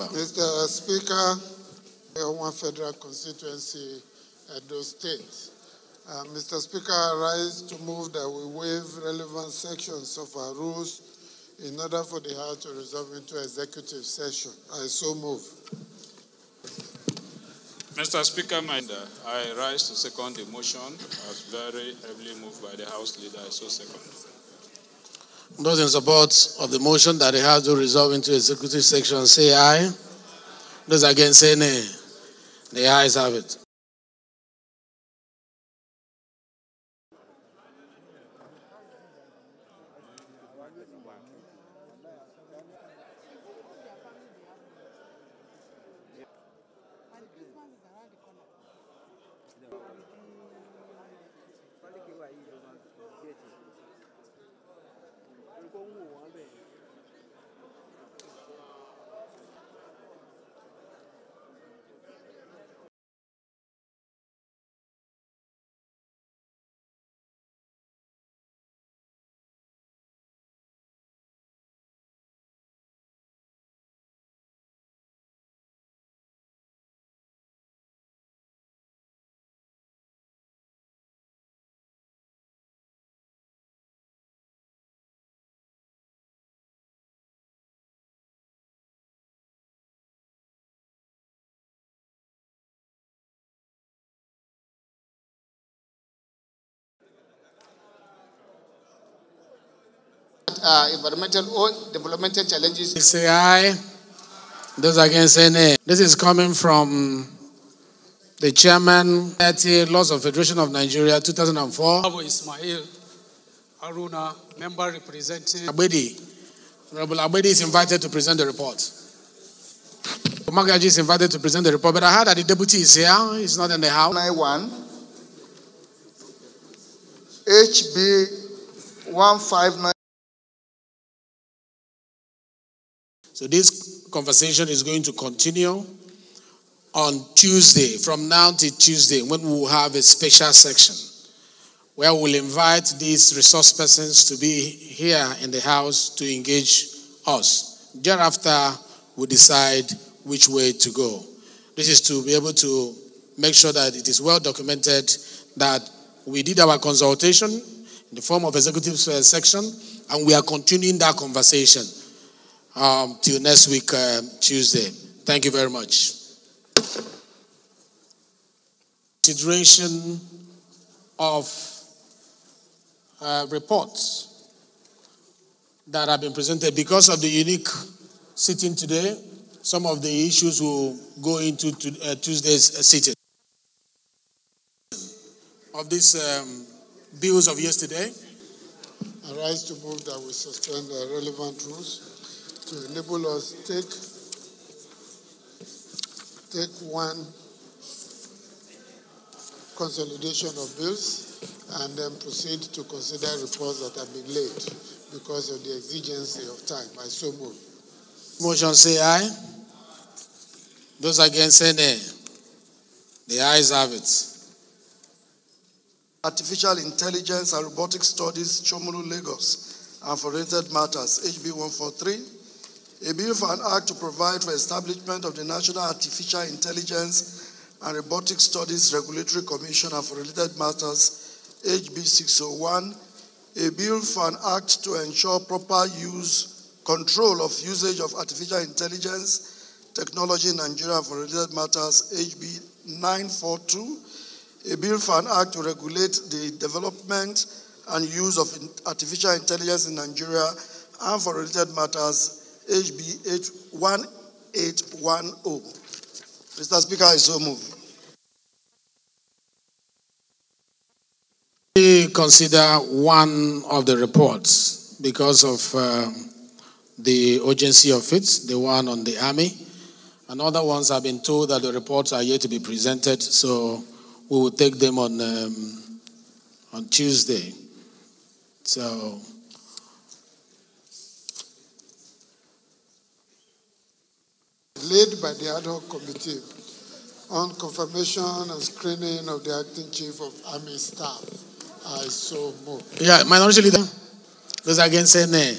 Mr. Speaker, one federal constituency at those states. Uh, Mr. Speaker, I rise to move that we waive relevant sections of our rules in order for the House to resolve into executive session. I so move. Mr. Speaker, I rise to second the motion as very heavily moved by the House Leader. I so second. Those in support of the motion that they have to resolve into executive section say aye. Those against say nay. The ayes have it. 公务往来。uh, environmental or developmental challenges. Say aye. Those against say nay. This is coming from the chairman at Laws of Federation of Nigeria 2004. Abu Ismail Aruna, member representing Abedi. Honorable Abedi is invited to present the report. Magaji is invited to present the report, but I heard that the deputy is here. He's not in the house. 91 HB 159. So this conversation is going to continue on Tuesday, from now to Tuesday, when we'll have a special section where we'll invite these resource persons to be here in the house to engage us. Thereafter, we decide which way to go. This is to be able to make sure that it is well documented that we did our consultation in the form of executive section and we are continuing that conversation. Um, till next week, uh, Tuesday. Thank you very much. Consideration of uh, reports that have been presented because of the unique sitting today. Some of the issues will go into to, uh, Tuesday's uh, sitting. Of these um, bills of yesterday. I rise to move that we suspend the relevant rules to enable us take take one consolidation of bills and then proceed to consider reports that have been laid because of the exigency of time. I so move. Motion say aye. Those against say nay. The ayes have it. Artificial Intelligence and Robotic Studies, Chomulu Lagos, and for related matters, HB 143 a bill for an act to provide for establishment of the National Artificial Intelligence and Robotic Studies Regulatory Commission and for related matters, HB 601, a bill for an act to ensure proper use, control of usage of artificial intelligence technology in Nigeria for related matters, HB 942, a bill for an act to regulate the development and use of artificial intelligence in Nigeria and for related matters, HB 1810. Mr. Speaker, I so move. We consider one of the reports because of uh, the urgency of it, the one on the army. And other ones have been told that the reports are yet to be presented, so we will take them on, um, on Tuesday. So led by the ad hoc committee on confirmation and screening of the acting chief of army staff. I so move. Yeah, Minority Leader, those against say nay.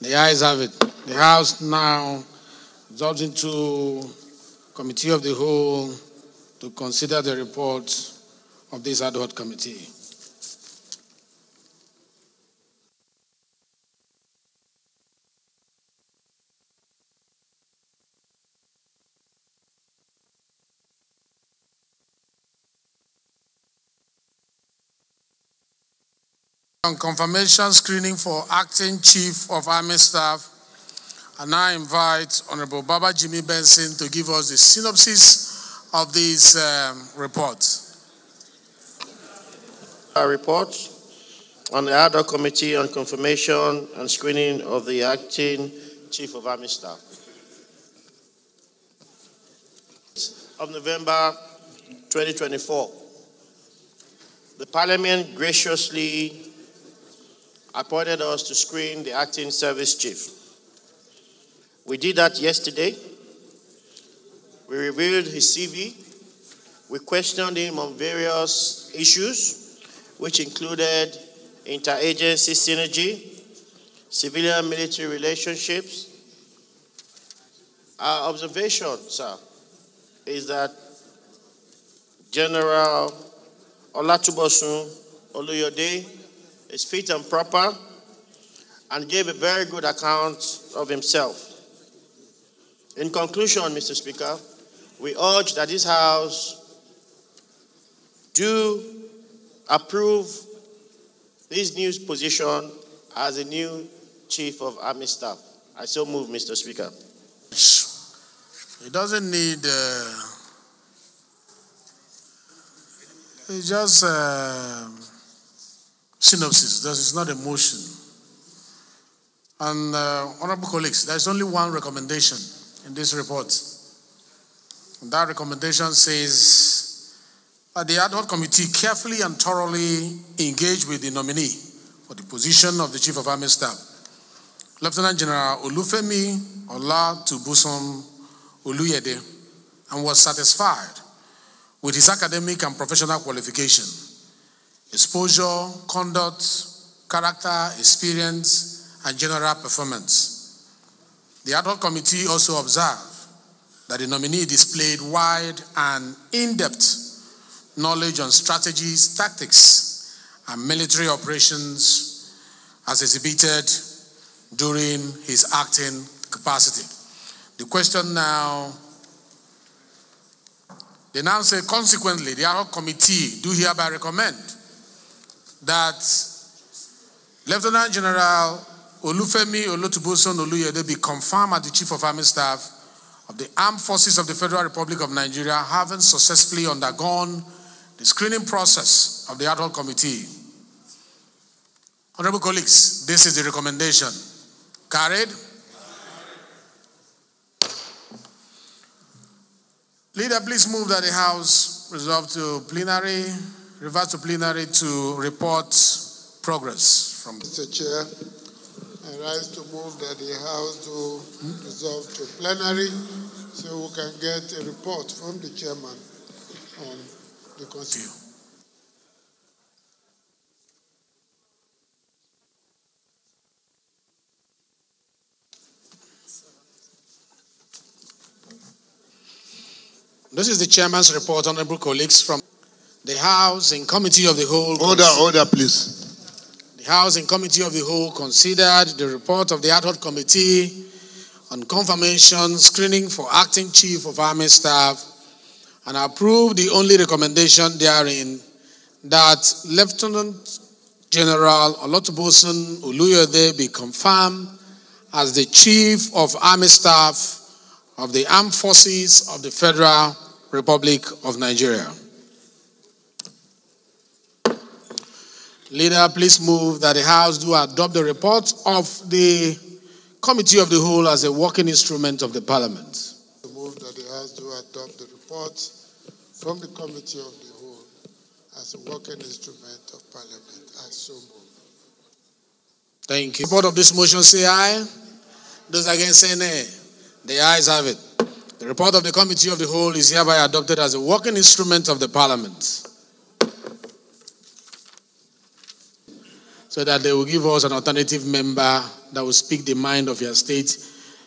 The ayes have it. The House now goes into Committee of the Whole to consider the report of this ad hoc committee. on confirmation screening for acting chief of army staff and i invite honorable baba jimmy benson to give us the synopsis of this um, report our report on the ad hoc committee on confirmation and screening of the acting chief of army staff of november 2024 the parliament graciously appointed us to screen the acting service chief. We did that yesterday. We reviewed his CV. We questioned him on various issues, which included interagency synergy, civilian military relationships. Our observation, sir, is that General Olatubosun Oluyode is fit and proper, and gave a very good account of himself. In conclusion, Mr. Speaker, we urge that this House do approve this new position as a new Chief of Army Staff. I so move, Mr. Speaker. It doesn't need. Uh, it just. Uh, synopsis. This is not a motion. And uh, honorable colleagues, there is only one recommendation in this report. And that recommendation says that the ad hoc committee carefully and thoroughly engage with the nominee for the position of the Chief of Army Staff, Lieutenant General Olufemi Ola Tubusom Oluyede, and was satisfied with his academic and professional qualification exposure, conduct, character, experience, and general performance. The ad hoc committee also observed that the nominee displayed wide and in-depth knowledge on strategies, tactics, and military operations as exhibited during his acting capacity. The question now, they now say, consequently, the ad hoc committee do hereby recommend that Lieutenant General Olufemi Olotuboson Oluyede be confirmed as the Chief of Army Staff of the Armed Forces of the Federal Republic of Nigeria, having successfully undergone the screening process of the ad hoc committee. Honorable colleagues, this is the recommendation. Carried. Leader, please move that the House resolve to plenary. Reverse the plenary to report progress from Mr. Chair. I rise to move that the House do resolve to plenary so we can get a report from the chairman on the constitution. This is the chairman's report, honorable colleagues, from house and committee of the whole. Order, order, please. The house and committee of the whole considered the report of the ad hoc committee on confirmation screening for acting chief of army staff and approved the only recommendation therein that Lieutenant General Olotubosun Uluyode be confirmed as the Chief of Army Staff of the Armed Forces of the Federal Republic of Nigeria. Leader, please move that the House do adopt the report of the Committee of the Whole as a working instrument of the Parliament. Move that the House do adopt the report from the Committee of the Whole as a working instrument of Parliament. I so move. Thank you. Support of this motion say aye. Those against say nay. The ayes have it. The report of the Committee of the Whole is hereby adopted as a working instrument of the Parliament. so that they will give us an alternative member that will speak the mind of your state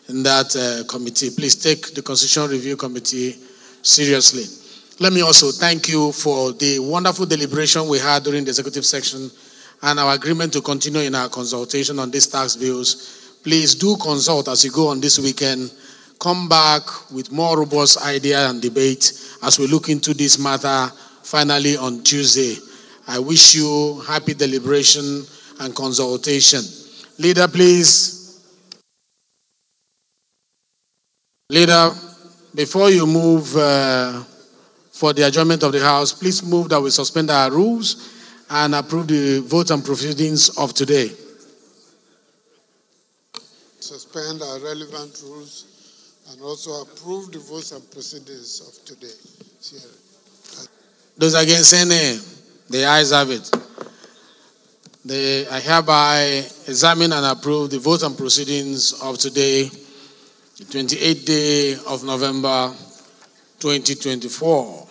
in that uh, committee. Please take the Constitutional Review Committee seriously. Let me also thank you for the wonderful deliberation we had during the executive section and our agreement to continue in our consultation on these tax bills. Please do consult as you go on this weekend. Come back with more robust idea and debate as we look into this matter finally on Tuesday. I wish you happy deliberation and consultation. Leader, please. Leader, before you move uh, for the adjournment of the House, please move that we suspend our rules and approve the vote and proceedings of today. Suspend our relevant rules and also approve the votes and proceedings of today. Those against, any? The eyes have it. The, I hereby examine and approve the votes and proceedings of today, the 28th day of November 2024.